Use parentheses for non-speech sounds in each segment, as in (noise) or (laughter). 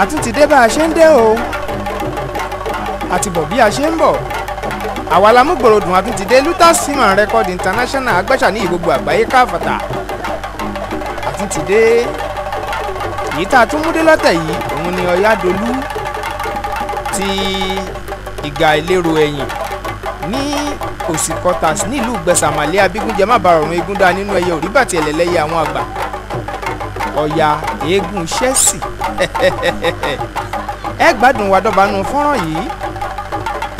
àtún ti dé bá a ṣe ń dé o àti bọ̀ bí a ṣe ń bọ̀ àwa la mú gbòròdùn àtún ti dé Luther Simon Record International agbẹ́sà ní gbogbo àgbáyé káfàtà àtún ti dé èyí tá a tún mú dé lọ́tẹ̀ yìí òun ni Ọ̀yádolú ti ìgà ìlérò ẹ̀yìn ní òsì quarters nílùú gbẹ̀sàmàlẹ́ abígúnjẹ má bàa ọ̀run eégún nínú ẹyẹ òrí bàtì ẹ̀lẹ́lẹ́yẹ àwọn àgbà ọ̀yà eégún ṣẹ́sì ẹ gbádùn wa dọ́banu fọ́nrán yìí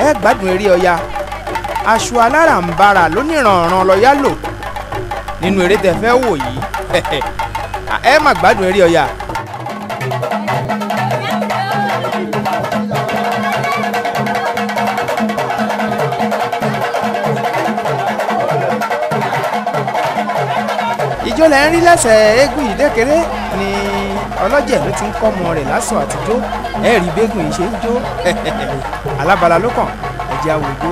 ẹ gbádùn eré ọya aṣọ alárànbarà lóníranran lọ́yà lò nínú eré tẹ́ fẹ́ wò yìí ẹ má gbádùn eré ọya. ìjọ lẹ́ ń rí lẹ́sẹ̀ eégún ìdẹ́kẹ̀rẹ́ ni ọlọ́jẹ̀ ló ti ń kọ́ ọmọ rẹ̀ lásọ àtijọ́ ẹ rí bẹ́gùn yìí ṣe ń jó (laughs) alábala ló kàn ẹ̀jẹ̀ àwòjó.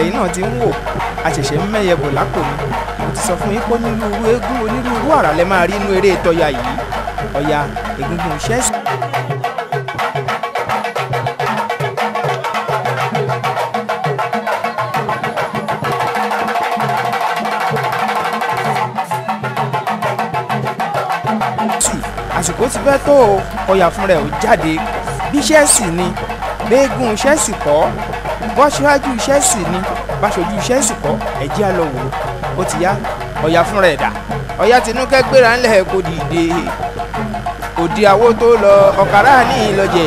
lẹ́yìn náà ti ń wò a ṣẹ̀ṣẹ̀ ń mẹ́yẹ bò lápò mi mo ti sọ fún yín pé onírúurú eégún onírúurú àrà máa rí inú eré tọ́ya yìí ọ̀ya egungun ṣẹ́sì. àsìkò ti fẹ́ tó ọ̀yà fúnra ẹ̀ ó jáde bí ṣẹ́ẹ̀sì ni gbẹ́gùn ṣẹ́ẹ̀sì kọ́ wọ́n ṣíwájú Chelsea ni báṣojú Chelsea kọ́ ẹ̀jẹ̀ á lọ wò ó ti yá ọ̀yà fúnra ẹ̀dá ọ̀yà tinúkẹ́ gbéra ńlẹ̀ kò dìde òdi àwo tó lọ ọ̀kàrà ní ìlọ́jẹ̀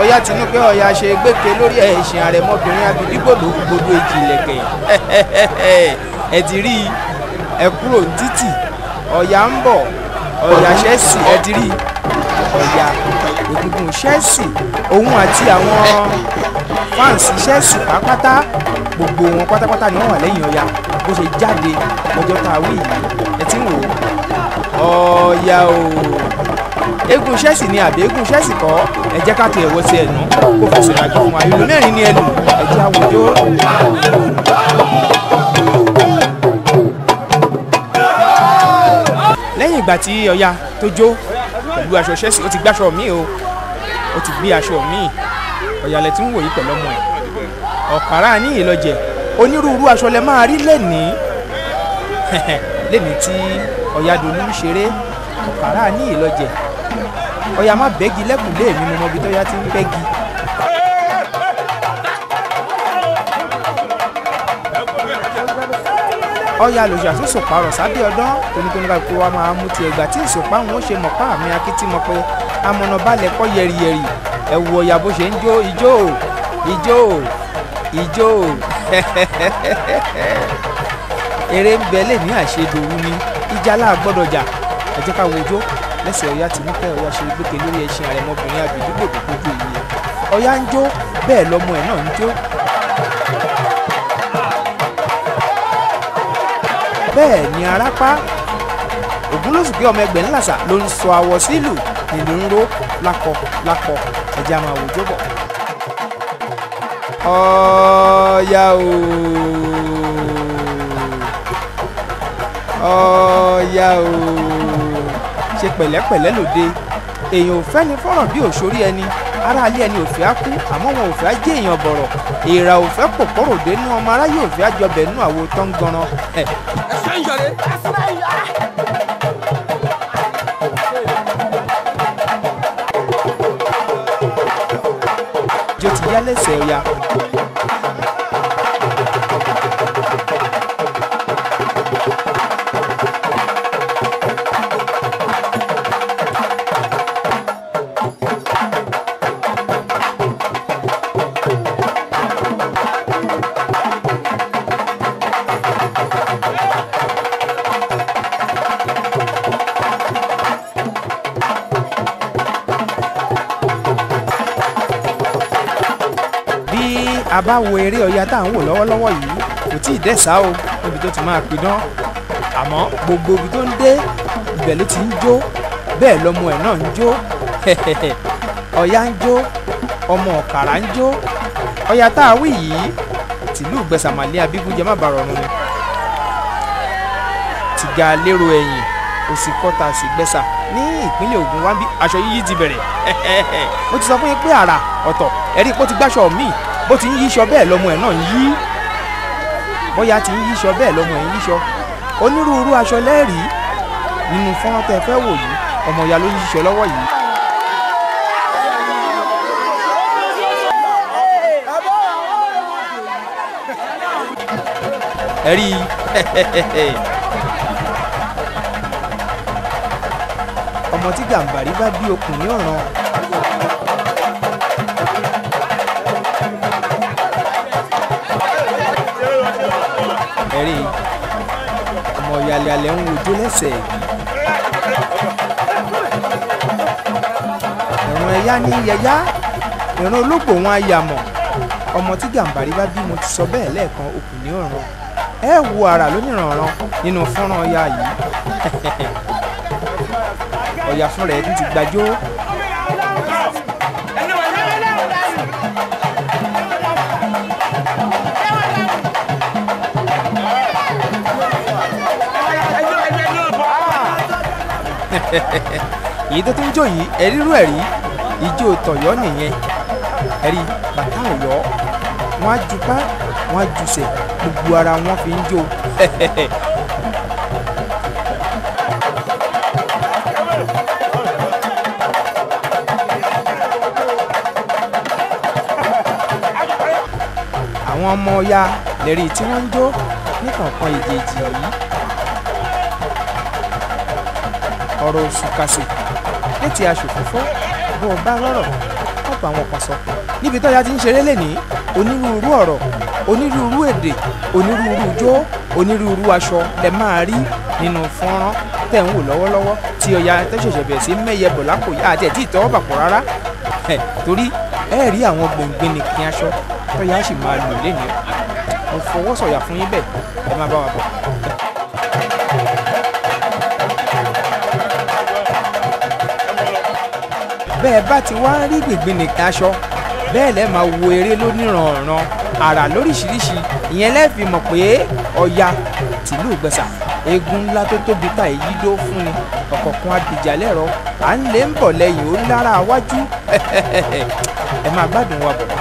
ọ̀yà tinúkẹ́ ọ̀yà ṣe gbèké lórí ẹ̀ṣin àrẹ̀mọbìnrin abidígbòdo gbogbo ìjìnlẹ̀kẹ̀ (laughs) ẹ̀ ti rí ẹ̀ kúrò títì ọ̀yà ń bọ̀ ọ̀yà Chelsea ẹ̀ ti rí ọ̀yà òkùnkùn Chelsea òun àti àwọn fans Chelsea pátápátá gbogbo wọn pátápátá ni wọ́n wà lẹ́yìn ọ̀yà bó ṣe jáde ọjọ́ tá a wí ẹ ti ń wò ó ọ̀yà o eégún Chelsea ni àbí eégún Chelsea kọ́ ẹ jẹ́ ká ti ẹ̀wọ́ sí ẹnu kó fẹsẹ̀ rajọ fún wa ìlú mẹ́rin ni ẹnu ẹ jẹ́ àwùjọ. lẹ́yìn ìgbà tí ọ̀yà tó jó pẹ̀lú aṣọ Chelsea ó ti gbáṣọ míì o ó ti gbé aṣọ míì ọ̀yàlẹ̀ tí ń wòye pẹ̀lú ọmọ ẹ̀ ọ̀kàrà ní ìlọjẹ̀ onírúurú aṣọ lẹ máa rí lẹ́nìí lẹ́nìí (laughs) tí ọ̀yàdòlú ń ṣeré ọ̀kàrà ní ìlọjẹ̀ ọ̀yà má bẹ́gi lẹ́kùn léèmí mo mọ ibi tọ́yà ti ń bẹ́gi. ọ̀yà lòṣà tó sòpá rọ̀ sábẹ́ ọdán tónítóní kálukú wa máa mú tiẹ̀ gbà tí ìsòpá wọn ṣe mọ̀pá àmì akíntí mọ̀ pé ẹ wo ìyá bó ṣe ń jó ijó ijó ijó (laughs) eré ń bẹ lèmi àṣedòru ni ìjálá gbọ́dọ̀ jà ẹ jẹ́ ká wo ijó lẹ́sẹ̀ ọ̀yá ti mú pẹ́ ọ̀yá ṣe gbẹ́kẹ̀ lórí ẹṣin àrẹ̀mọbìnrin àbídúgbò tó kójú ìyẹn ọ̀yá ń jó bẹ́ẹ̀ lọ́mọ ẹ̀ náà ń jó bẹ́ẹ̀ ni arápá wọ́n lóṣù pé ọmọ ẹgbẹ̀rún làṣà ló ń sọ àwọ̀ sílù nílùú ń ró lákọ lákọ ẹja máa wò jó bọ̀. ọ̀ọ́yà o ọ̀ọ́yà o ṣe pẹ̀lẹ́pẹ̀lẹ́ lòde èèyàn ò fẹ́ ni fọ́nrán bí òṣòrí ẹni aráalé ẹni òfẹ́ á kú àmọ́ wọn òfẹ́ á jẹ́ èèyàn bọ̀rọ̀ èèrà òfẹ́ pòpọ́rò dénú ọmọ aráyé òfẹ́ á jọbẹ̀ nú àwo tó ń ganran. ẹ ṣe ń yọrí. Yeah, let's say yeah. a bá wo eré Ọya tá à ń wò lọ́wọ́lọ́wọ́ yìí kò tí ì dẹ̀sà o níbi tó ti máa pidán àmọ́ gbogbo ibi tó ń dé ibẹ̀ ló ti ń jó bẹ́ẹ̀ lọmọ ẹ̀ náà ń jó Ọya ń jó ọmọ ọ̀kàrà ń jó Ọya tá a wí yìí tìlú gbẹ̀sàmàlẹ́ abígúnjẹ má bàa rọrùn ni tìga lérò ẹ̀yìn òsì kọ́ta sì gbẹ̀sà ní ìpínlẹ̀ Ògùn wá bí aṣọ yíyí ti bẹ̀rẹ̀ mo ti sọ fún yín pé àrà ọ̀tọ̀ ẹ̀rí pé ti gbàṣọ míì bó ti ń yíṣọ bẹ́ẹ̀ lọ́mọ ẹ̀ náà ń yí bóyá ti ń yíṣọ bẹ́ẹ̀ lọ́mọ ẹ̀ ń yíṣọ onírúurú aṣọ lẹ́ẹ̀rí nínú fọ́nrán tẹ́ fẹ́ wò yìí ọmọ ìyá ló ń yíṣọ lọ́wọ́ yìí. ẹ rí i (laughs) ọmọ tí gàǹbàrí bá bí okùn ní ọ̀ràn ẹ̀rí ọmọ yàlẹ̀yàlẹ̀ ń wojú lẹ́sẹ̀ ẹ̀rùn ẹ̀yá ní yẹ̀yá ìran olóògbò wọn ayàmọ̀ ọmọ tí gàǹbarí bá bí mo ti sọ bẹ́ẹ̀ lẹ́ẹ̀kan okùn ní ọ̀ràn ẹ wo ara lónìrànràn nínú fọ́nrán ọya yìí (laughs) ọ̀yà fúnra ẹ̀ ti gbajó èyí tó tún jó yìí ẹrírú ẹrí ìjó tọyọ nìyẹn ẹrí bàtà ọyọ wọn á jupá wọn á jusẹ gbogbo ara wọn fi ń jó (laughs) àwọn ọmọ ya lẹ́rìí tí wọ́n ń jó ní kọ̀ọ̀kan ìjèjì yìí. ọ̀rọ̀ oṣù kàṣe létí aṣòfò fún bó o bá lọ́rọ̀ ọ̀pọ̀ àwọn kan sọ níbi tọ́jà ti ń ṣeré lẹ́nìí onírúurú ọ̀rọ̀ onírúurú èdè onírúurú ijó onírúurú aṣọ lẹ máa rí nínú fọ́nrán tẹ̀ ń wò lọ́wọ́lọ́wọ́ tí ọya tẹ́sẹ̀sẹ̀ bẹ̀rẹ̀ sí mẹ́yẹ bọ̀ lápò yá àti ẹ̀tí ìtọ́wọ́ bàpọ̀ rárá torí ẹ rí àwọn gbòǹgbìn nìkan aṣọ tọ́ya sì máa lò lẹ́nìí mo fọwọ́ sọ̀yà fún yín bẹ́ẹ̀ ẹ má bá wa bọ̀. bẹ́ẹ̀ bá ti wá rí gbìngbìnìkan aṣọ bẹ́ẹ̀ lẹ́ẹ̀ máa wo eré lóníranran àrà lóríṣiríṣi ìyẹn lẹ́ẹ̀ fi mọ̀ pé ọya tìlú gbẹ̀sà egun ńlá tó tóbi ta èyí dó fún ni ọ̀kọ̀ọ̀kan abìjà lẹ́rọ à ń lè ń bọ̀ lẹ́yìn ó lára wájú (laughs) ẹ máa gbádùn wa bọ̀.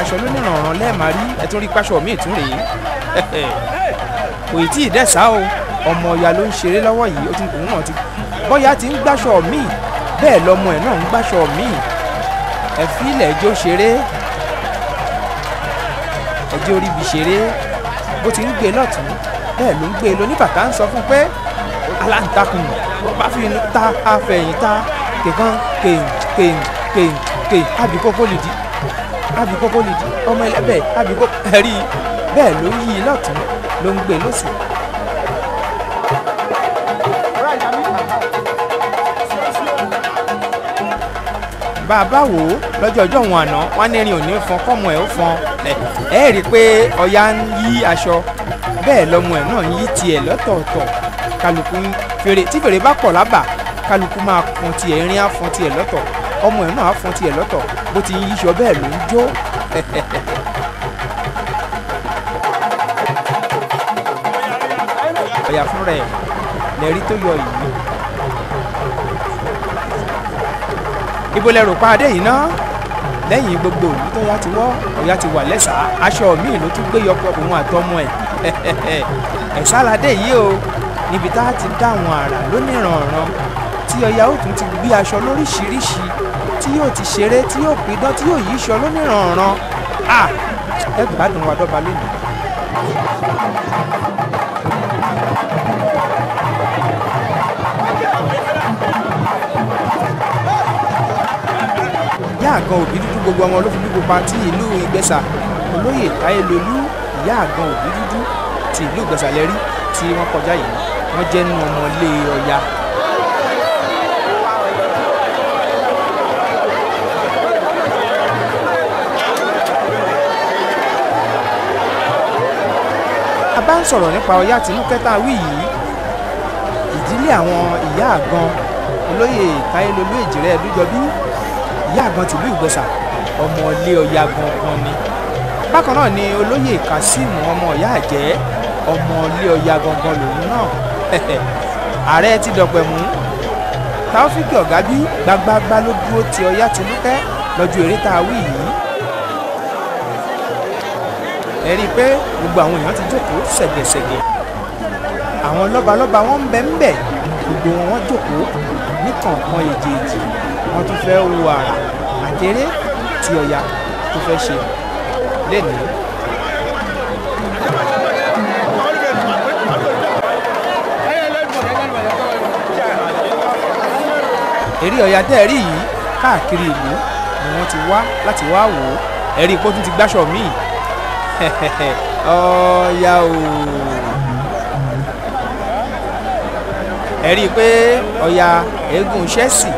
aṣọ lónìrànràn lẹ́ẹ̀má rí ẹ tó rí páṣọ míì tún rèé (laughs) kò tí ì dẹ́sà o ọmọ ọ̀yà ló ń ṣeré lọ́wọ́ yìí ó ti òun náà ti bọ́yá ti ń gbáṣọ míì bẹ́ẹ̀ lọmọ ẹ̀ náà ń gbáṣọ míì ẹ fi ilẹ̀ ẹjọ́ ṣeré ẹjọ́ oríbi ṣeré bó ti ń gbé lọ́tún bẹ́ẹ̀ ló ń gbé lọ ń sọ fún pé aláǹtakùn bá fi ta afẹ̀yìntà kẹ̀kan kẹ̀ǹ kẹ̀ǹ kẹ̀ǹ kẹ̀ǹ àbíkó fólìdí abikoko nìdí ọmọ ẹlẹ́bẹ̀ abikoko ẹ̀rí bẹ́ẹ̀ ló yí i lọ́tún ló ń gbé e lóṣù. bàbá wo, ó lọ́jọ́ ọjọ́ òun àná wọn ní erin ò ní fọn kọ́mọ ẹ̀ ó fọn ẹ rí i pé ọya ń yí aṣọ bẹ́ẹ̀ lọ́mọ ẹ̀ náà ń yí tiẹ̀ lọ́tọ̀ọ̀tọ̀ kálukú fèrè tí fèrè bá pọ̀ lábà kálukú máa kan tiẹ̀ rin á tiẹ̀ lọ́tọ̀ọ̀ ọmọ ẹ̀ náà á fọn tiẹ̀ lọ́tọ̀ bó ti ń yíṣọ bẹ́ẹ̀ ló ń jó. ọ̀yà fúnra ẹ̀ lẹ́rí tó yọ yìí. ibo lẹ rò pa adé yìí ná lẹ́yìn gbogbo òní tó yá ti wọ́ ọ̀yà ti wà lẹ́sàá aṣọ míì ló tún gbé yọkọ òun àtọmọ ẹ̀ (laughs) ẹ̀sáládé yìí o níbi tá a ti dá àwọn àrà lónìrànràn tí ọ̀yà ó tún ti gbé aṣọ lóríṣiríṣi tí yóò ti ṣeré tí yóò pidán tí yóò yí iṣọ lónìrànràn à ẹ gbádùn wa dọ́ba lónìí. ìyá àgàn òbí dúdú gbogbo ọmọ ló fi bí pupa ti ìlú ìgbẹ́sà olóyè táyélólú ìyá àgàn òbí dúdú ti ìlú ìgbẹ́sà lẹ́rí tí wọ́n kọjá yìí wọ́n jẹ́ nínú ọmọ ilé ọya ń sọ̀rọ̀ nípa Ọya Tinúkẹ́ tá a wí yìí ìdílé àwọn ìyá àgan olóyè Táyélolú Èjìrẹ́ Ẹdújọbí ìyá àgan tìlú Ìgbẹ̀sà ọmọ ilé Ọya gangan ni bákan náà ni olóyè Kásímù ọmọ ìyá àjẹ́ ọmọ ilé Ọya gangan lòun náà (laughs) ààrẹ ti dọ̀pẹ̀mú Taofik Ọ̀gábí gbagbagba ló dúró ti Ọya Tinúkẹ́ lọ́jọ́ eré tá a wí yìí ẹ rí i pé gbogbo àwọn èèyàn ti jókòó ṣẹ̀gẹ̀ṣẹ̀gẹ̀ àwọn lọ́balọ́ba wọn ń bẹ ń bẹ gbogbo wọn wọn jókòó níkànkan èjèèjì wọn tún fẹ́ wo àrà àtẹrẹ tí ọ̀yà tó fẹ́ ṣe lẹ́nìí. eré ọ̀yà tẹ́ ẹ rí yìí káàkiri ìlú ni wọ́n ti wá láti wá wò ó ẹ̀rí ipò tún ti gbáṣọ míì (laughs) ọ̀ọ́yà o ẹ rí i pé ọ̀yà eégún ṣẹ́ẹ̀sì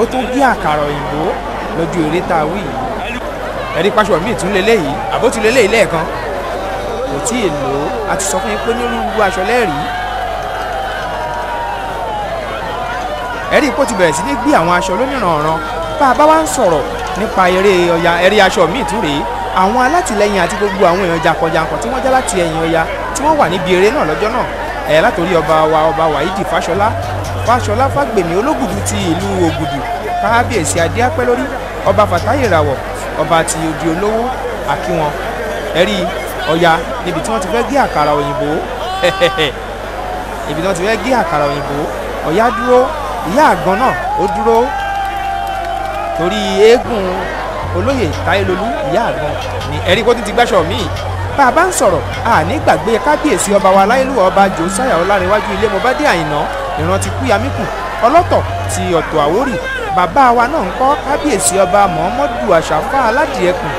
ó tún gé àkàrà òyìnbó lójú eré tá a wí yìí ẹ rí pàṣọ míì tún lélẹ́yìí àbótún lélẹ́yìí lẹ́ẹ̀kan kò tí ì lò ó a ti sọ fún yín pé onírúurú aṣọ lẹ́rìí ẹ̀rí ipò ti bẹ̀rẹ̀ sí ní gbé àwọn aṣọ lónìrànràn bá a bá wá ń sọ̀rọ̀ nípa eré ọ̀yà eré aṣọ míì tún rèé àwọn alátìlẹyìn àti gbogbo àwọn èèyàn jàǹkànjàǹkàn tí wọ́n já láti ẹ̀yìn ọya tí wọ́n wà níbi eré náà lọ́jọ́ náà ẹ̀yà látòrí ọba wa ọba wàyídì fáṣọlá fáṣọlá fágbèmí ológùdù ti ìlú ògùdù kábíyèsí adéápẹ́ lórí ọba fàtáyé ìràwọ̀ ọba ti odi olówó àkíwọn ẹ̀rí ọya níbi tí wọ́n ti fẹ́ gé àkàrà òyìnbó (laughs) níbi tí wọ́n ti fẹ́ gé àkàrà òyìnbó ọya dúró ìyá àgbọn náà ó dúró torí eégún olóyè táyélolú ìyá àgbọn ni ẹ̀rí kó tún ti gbẹ́sọ̀ míì bá a bá ń sọ̀rọ̀ àní gbàgbé kábíyèsí ọba wa láìlúwà ọba josiah ọlárẹ̀wájú ilé mọ̀bádé àyìnà ìrántí kúyamíkù ọlọ́tọ̀ ti ọ̀tọ̀ àwórì bàbá wa náà ń kọ́ kábíyèsí ọba muhammadu àṣàfà aládìẹkùn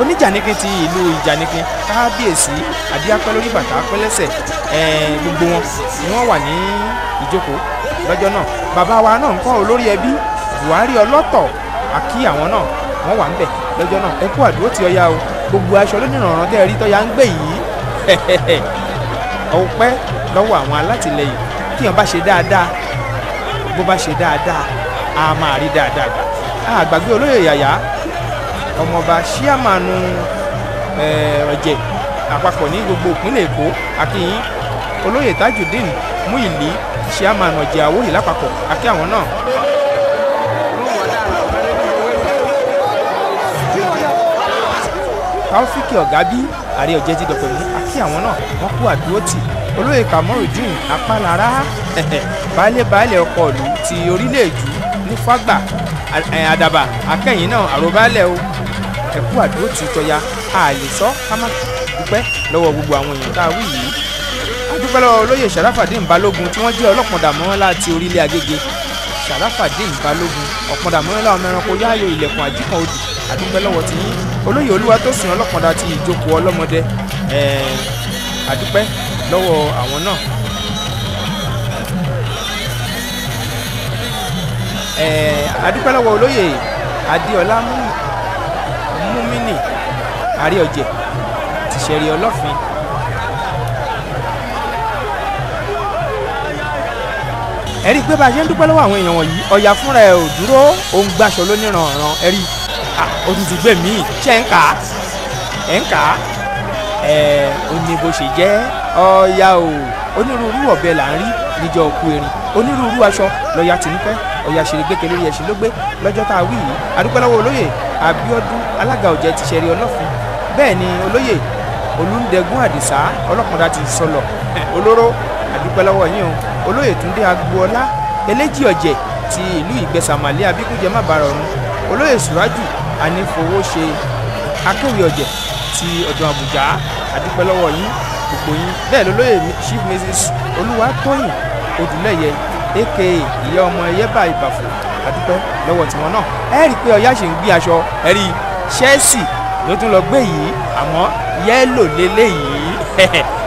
oníjànìkin ti ìlú ìjànìkin kábíyèsí adíápẹ́ lórí bàtà pẹ́lẹ́sẹ̀ gbogbo wọn ni wọ́n wà ní ìjókòó lọ́jọ́ náà bàbá wa náà ń kọ́ olórí ẹbí buhari ọlọ́tọ̀ àkí àwọn náà wọ́n wà ń bẹ̀ lọ́jọ́ náà ẹ kú àdúró tí ọya o gbogbo aṣọ lónìrànràn tẹ́ ẹ rí tọ́ya ń gbé yìí (laughs) ọpẹ́ lọ́wọ́ àwọn alátìlẹyìn kí wọ́n bá ṣe dáadáa bó bá ṣe dáadáa a máa rí dáadáa gbà á àgbàgbé olóyè yàyà ọmọọba ṣíàmánu ọ̀jẹ̀ àpapọ̀ ní gbogbo ìpínlẹ̀ èkó àkíyìn olóyè tajudeen mú ìlí ṣíàmánu ọ̀jẹ̀ àwòrì lápapọ̀ àkí àwọn náà. taofik ọ̀gábí ààrẹ ọ̀jẹ̀jì dọ̀pẹ̀mú àti àwọn náà wọ́n kú àdúrótì olóyè kamorudin apálára baálé baálé ọkọ̀ ìlú ti orílẹ̀ èjù ní fágbà àdàbà akẹ́yìn náà àròbálẹ̀ o ẹ̀kú àdúrótì tọ́ya ààlè sọ ká má dúpẹ́ lọ́wọ́ gbogbo àwọn èèyàn tá a wí yìí adúpẹ́ lọ́wọ́ olóyè sàràfàdín balógun tí wọ́n jẹ́ ọlọ́pàá mọ́lá ti orílẹ̀ agége sàràfàdín balógun ọ̀pọ̀dàmọ́lá ọmọ ẹranko yáàyò ilẹ̀kùn àjíkan odò àdúpẹ́ lọ́wọ́ ti yín olóyè olúwatósìn ọlọ́kàndá ti ìjókòó ọlọ́mọdé àdúpẹ́ lọ́wọ́ àwọn náà. àdúpẹ́ lọ́wọ́ olóyè adéọlá múmínì àríọ̀jẹ̀ tìṣẹ̀rí ọlọ́fin. ẹ rí i pé bá a ṣe ń dúpẹ́ lọ́wọ́ àwọn èèyàn wọ̀nyí ọ̀yà fúnra ẹ̀ ò dúró òun gbaṣọ lóníranran ẹ rí i. Ah, òtútù gbẹ̀mí ṣe ń kà á ẹ̀ ń kà á ẹ̀ ò ní bó ṣe jẹ́ ọ̀ya o onírúurú ọ̀bẹ là ń rí níjọ́ òkú erin onírúurú aṣọ lọ́ya tì ń fẹ́ ọ̀ya ṣeré gbẹ́kẹ̀ lórí ẹ̀ṣin ló gbé lọ́jọ́ tá a wí yìí adúpẹ́lọ́wọ́ olóyè Abíọ́dún alága ọ̀jẹ̀ ti ṣẹ̀rí ọlọ́fun bẹ́ẹ̀ ni olóyè Olúndẹ̀gún Àdìsá ọlọ́kùnrin àti sọlọ̀ olóró adúpẹ́lọ́wọ́ yín o olóyè Túndé Agboola eléjì ọ̀jẹ̀ ti ìlú Ìgbẹ́sàmàlẹ́ Abíkúnjẹ má bàrà ọ̀run olóyè Sùrájù anífowóṣe akéwì ọ̀jẹ̀ ti ọ̀dọ̀ àbújá àdúpẹ́ lọ́wọ́ yín gbogbo yín bẹ́ẹ̀ lólóyè chief mrs olúwatóyìn odúlẹ̀yẹ aka ìyá ọmọ yẹ́bà ìbàfọ̀ àdúpẹ́ lọ́wọ́ tiwọn náà ẹ rí i pé ọ̀yá ṣì ń gbé aṣọ ẹ rí i chelsea ló tún lọ gbé yìí àmọ́ yẹ́lò lélẹ́yìí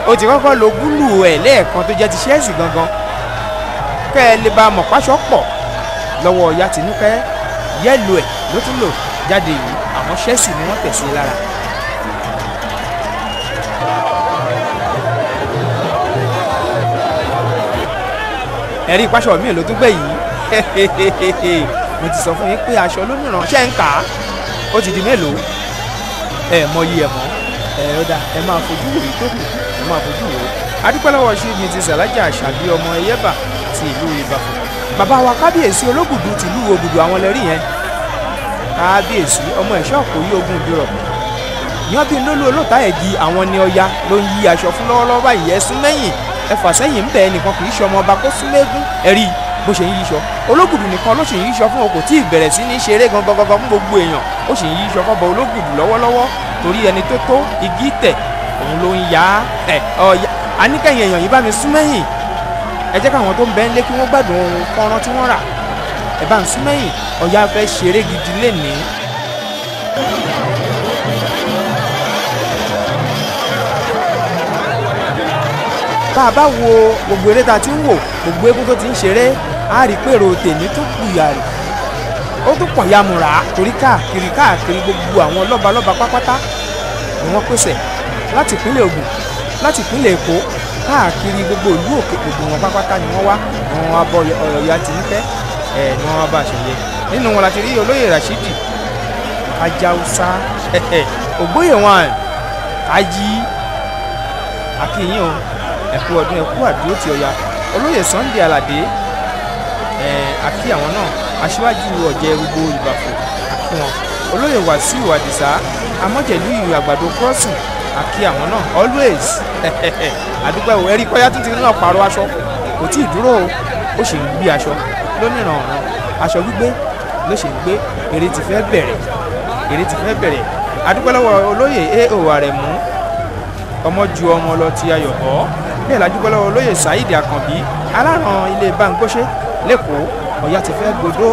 o (laughs) ti kọ́kọ́ lo gúlù ẹ̀ lẹ́ẹ̀kan tó jẹ́ ti chelsea gangan kẹ́ ẹ lè ba mọ̀ páṣọ pọ̀ lọ́wọ́ ọ̀yá tìǹkẹ́ yẹ́lò ẹ̀ ló tún lò jáde yìí àwọn Chelsea ni wọ́n tẹ̀sí lára. ẹ̀rí ìpasọ̀ mi ló tún gbẹ̀ yìí (laughs) mo ti sọ fún yín pé aṣọ lómìnira ṣẹ́ ń kà á ó ti di mélòó ẹ mọyì ẹ mọ ẹ ọ̀dà ẹ máa fojú wò tó kù ẹ máa fojú wò adúpẹ́lẹ́wọ̀ ṣe mi ti sàlájà àṣàbí ọmọ ẹyẹ́bà ti ìlú ìbàfọ̀ bàbá wa kábíyèsí ológùdù tìlú ògùdù àwọn lẹ́rí yẹn kábíyèsí ọmọ ẹ̀ṣọ́ kò yí ogun ìdúrọ̀ yanbi lólu olóòtá ẹ̀gì àwọn ni ọya ló ń yí aṣọ fún lọ́wọ́lọ́wọ́ báyìí ẹ sún mẹ́yìn ẹ fà sẹ́yìn ń bẹ̀ ẹnìkan kì í ṣe ọmọ ọba kó sún mẹ́gún ẹ̀rí bó ṣe ń yíṣọ ológùdù nìkan ló ṣe ń yíṣọ fún o kò tí ì bẹ̀rẹ̀ sí ní ṣeré gangan gangan fún gbogbo èèyàn ó ṣe ń yíṣọ fọbọ ológùdù lọ́wọ́lọ́wọ́ torí ẹni tó tó igi tẹ̀ òun ló ń yá ẹ ọ̀ya aníkẹ́yìn èèyàn yìí bá mi sún mẹ́yìn ẹ jẹ́ káwọn tó ń bẹ ń lé kí wọ́n gbádùn ohun fọ́nrán tí wọ́n rà ẹ bá ń súnmọ́ yìí ọ̀yá fẹ́ ṣeré gidi lénìí. bá a bá wo gbogbo eré ta ti ń wò gbogbo eégún tó ti ń ṣeré a rí i pé èrò tèmi tó kù yàrá ó tún pọ̀ yamùrà torí káàkiri káàkiri gbogbo àwọn lọ́balọ́ba pápátá ni wọ́n pèsè láti ìpínlẹ̀ Ògùn láti ìpínlẹ̀ Èkó káàkiri gbogbo ìlú òkè gbogbo wọn pápátá ni wọ́n wá àwọn abọ́ ọ̀yọ́ ya ti ń fẹ́ ni wọ́n bá ṣe yẹ nínú wọn láti rí olóyè Rashidi Ajáùsá ògbóyè wọn ají akínyìn o ẹkú ọdún ẹkú àdúró ti Ọya olóyè Sunday Aládé akí àwọn náà aṣíwájú ọ̀jẹ̀ gbogbo ìbàfọ̀ akí wọn olóyè Wàsíù Àdìsá amọ̀jẹ̀lú ìlú àgbàdo crossing àkí àwọn náà always àdúgbò ẹ̀rí kọ́yá tó ti náà pààrọ̀ aṣọ kò tí ì dúró o ó sì ń gbé aṣọ lónìrànràn aṣọ gbígbé ló ṣe ń gbé eré ti fẹ́ bẹ̀rẹ̀ eré ti fẹ́ bẹ̀rẹ̀ adúpẹ́ lọ́wọ́ olóyè ao àrẹ̀mú ọmọ ju ọmọ lọ ti ayọ̀ bọ́ bẹ́ẹ̀ ládúpẹ́ lọ́wọ́ olóyè saheed àkànbí aláràn ilé báńgọ́ṣe lẹ́kọ̀ọ́ ọ̀yá ti fẹ́ gbọdọ̀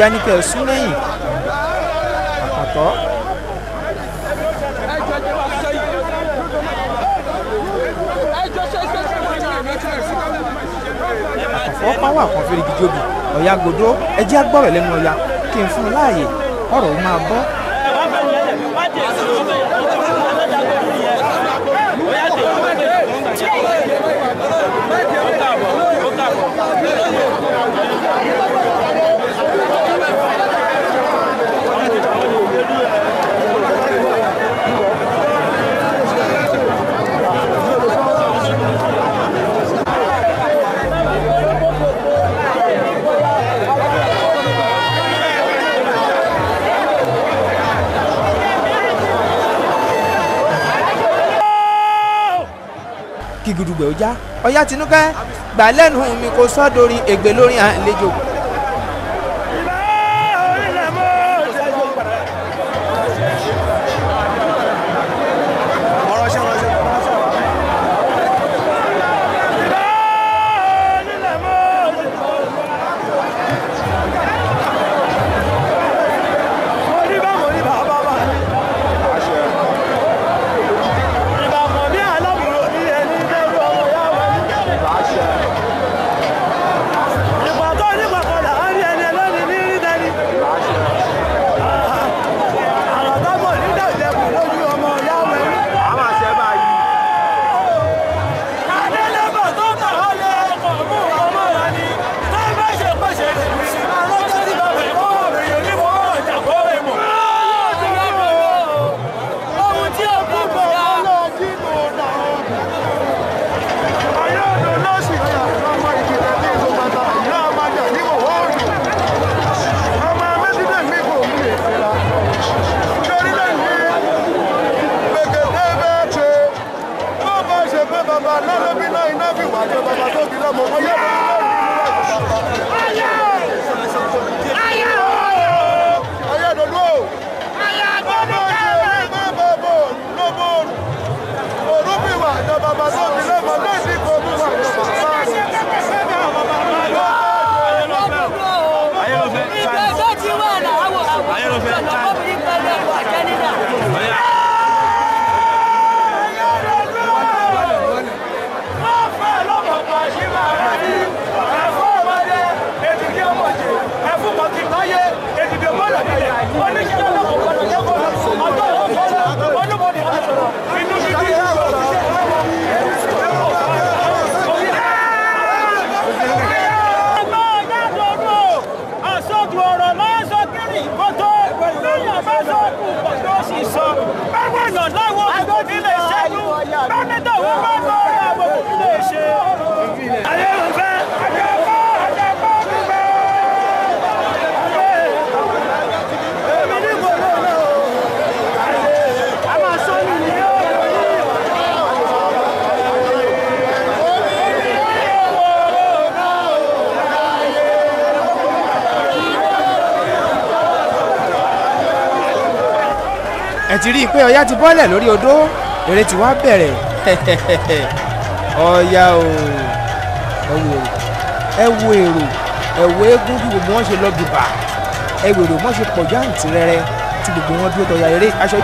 bóyá ní kẹ́ ẹ sún lẹ́yìn àpàtọ́. àpàtọ́ pàwọ́ àkànfẹ́rẹ́ gidi obì ọ̀yà gòdó ẹjẹ́ agbọ́rọ̀ lẹ́nu ọ̀yà kí n fún un láàyè ọ̀rọ̀ ó máa bọ́. já ọ̀yá tinúkẹ́ gbà lẹ́nu mi kò sọ́ dorin ègbè lórí àlejò. bàbá lọ́lọ́bí náà iná fi wà jẹ bàbá tó bí lọ́mọ ọyẹ́ bàbá náà ní ìlú ẹ̀kọ́. ayé o ayé dodo o ayé dodo kẹrẹ má bọ̀bọ̀ lọ́bọ̀ òrùbí wà jẹ bàbá tó bí lọ́mọ lẹ́sìn kò mú wà jẹ bàbá náà. ti rí i pé ọya ti bọ́lẹ̀ lórí odó eré ti wá bẹ̀rẹ̀ (laughs) ọya o ẹ wo èrò ẹ eégún bí gbogbo wọn ṣe lọ bìbà ẹ wèrò wọn ṣe pọ̀ jáǹtì rẹrẹ tí gbogbo wọn dúró tọya eré aṣọ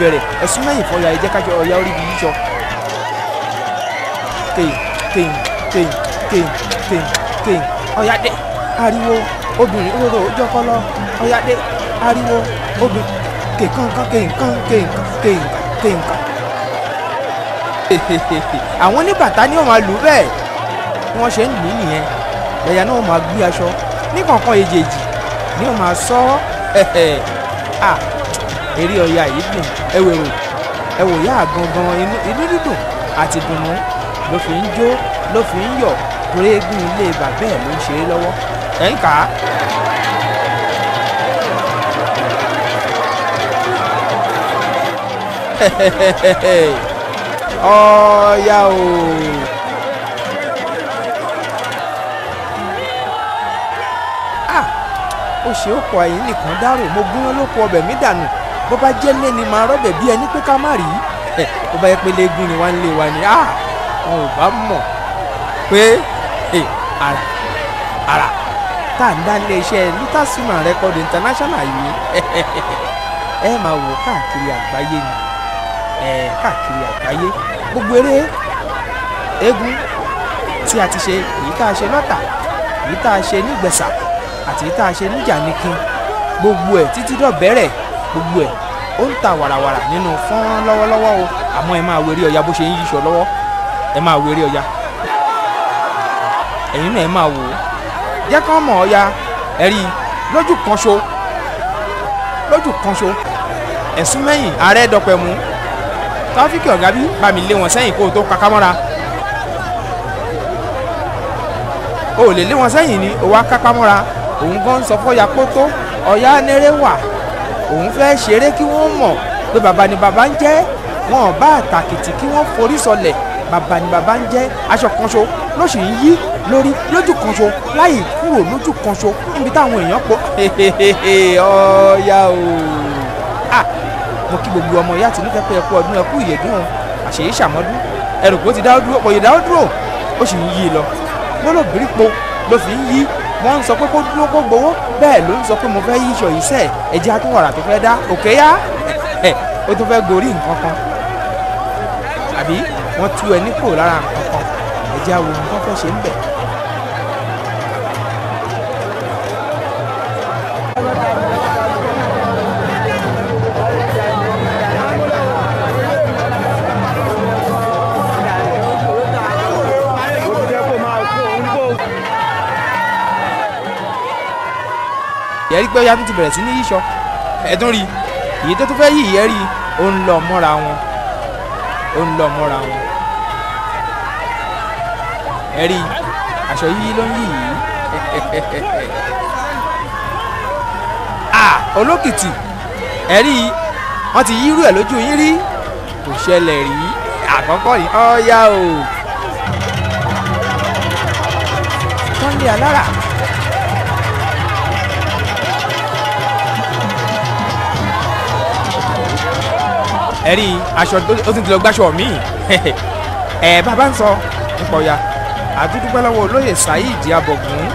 bẹ̀rẹ̀ ẹ̀sùn mẹ́yìn fọyà ẹ̀jẹ̀ kájọ ọ̀yà orí ibi yíṣọ. kéyìn kéyìn kéyìn kéyìn kéyìn kéyìn ọ̀yàdé ariwo obìnrin rorò jọkọlọ ọ̀yàdé ariwo obìnrin kékankan kéyìnkan kéyìnkan kéyìnkan kéyìnkan. àwọn oníbàtà ni wọ́n máa lù bẹ́ẹ̀ bí wọ́n ṣe ń lù ú nìyẹn ẹ̀yà náà máa gbé aṣọ ní kọ̀ọ̀kan èjèèjì ni wọ́n máa sọ ọ́ (laughs) ah, eré ọya yìí dùn ẹwẹ̀rò ẹwòyà gangan inú dídùn àti dùnnú ló fi ń jó ló fi ń yọ̀ torí eégún ilé bàbá ẹ̀ ló ń ṣeré lọ́wọ́ ẹ̀ ń kà á. (laughs) ọ̀ọ́yà o. Ah, ó ṣe ó pọ̀ ẹ̀yìn nìkan dárò mo gún wọn ló kọ ọbẹ̀ mi dànù bó bá jẹ́ lé ni màá rọ́bẹ̀ bí ẹni pé ká má rí (laughs) bó bá yẹ pé léegun ni wá ń lé wa ni ah wọn ò bá mọ̀ pé eh, ara ara tá à ń dá ilé iṣẹ́ lutasima record international yìí (laughs) ẹ máa wò káàkiri àgbáyé ni ẹ káàkiri àgbáyé gbogbo eré eégún tí a ti ṣe èyí tá a ṣe lọ́tà èyí tá a ṣe nígbẹ̀sà àti èyí tá a ṣe níjànìkin gbogbo ẹ̀ títí dọ̀bẹ́rẹ̀ gbogbo ẹ̀ ó ń ta wàràwàrà nínú fọ́nrán lọ́wọ́lọ́wọ́ o àmọ́ ẹ máa wẹrí ọya bó ṣe ń yíṣọ lọ́wọ́ ẹ máa wẹrí ọya ẹ̀yin náà ẹ máa wò ó jẹ́ kán mọ̀ ọya ẹ rí i lójú kan ṣo lójú kan ṣo ẹ̀sùn mẹ́yìn ààrẹ dọ̀pẹ̀ mú tọ́fíkì ọ̀gá bí bá mi lé wọn sẹ́yìn kó o tó kakamọ́ra o lè lé wọn sẹ́yìn ni o wá kápámọ́ra òun gan sọ fọ́ya pótó ọ̀yá nẹ́rẹ́ wà òun fẹ́ ṣeré kí wọ́n mọ̀ pé bàbá ni bàbá ń jẹ́ wọn ò bá àtàkìtì kí wọ́n forí sọlẹ̀ bàbá ni bàbá ń jẹ́ aṣọ kanṣo ló sì ń yí lórí lójú kanṣo láì kúrò lójú kanṣo níbi táwọn èèyàn pọ̀ ọ̀ọ́yà o mo kí gbogbo ọmọ ìyá àtìlú pé ẹkú ọdún ẹkú ìyẹ̀dún ọ̀hún àṣèyí ṣàmọ́dú ẹrù kó ti dáwọ́ dúró pọ̀ yìí dáwọ́ dúró ó sì ń yí lọ lọ́lọ́bìrí po ló fi ń yí wọ́n ń sọ pé kó dúró kó gbowó bẹ́ẹ̀ ló ń sọ pé mo fẹ́ yí ìṣọ̀ yìí sẹ́ẹ̀ ẹ̀jẹ̀ atúwọ̀rà tó fẹ́ dá òkè yá ẹ̀ ó tún fẹ́ gorí nǹkan kan àbí wọ́n tú ẹ nípò lára nǹkan kan ẹ̀jẹ̀ àwọn nǹkan fẹ́ ṣe ń bẹ̀ pé ọya tún ti bẹ̀rẹ̀ sí ní yíṣọ ẹ̀dùn rí èyí tó tún fẹ́ yí ìyẹ́ rí ó ń lọ mọ́ra wọn ó ń lọ mọ́ra wọn ẹ rí aṣọ yíyí ló ń yí yìí ah (laughs) olókìtì ẹ rí wọn ti yí irú ẹ lójú yín rí kò ṣẹlẹ̀ rí àkọ́kọ́ yìí ọ̀ya o sunday alára. ẹ rí aṣọ ó ti lọ gbàṣọ mi (laughs) ẹ bàbá ń sọ nípa ọya àdúdúgbẹ́ lọ́wọ́ olóyè saheed abọ̀gún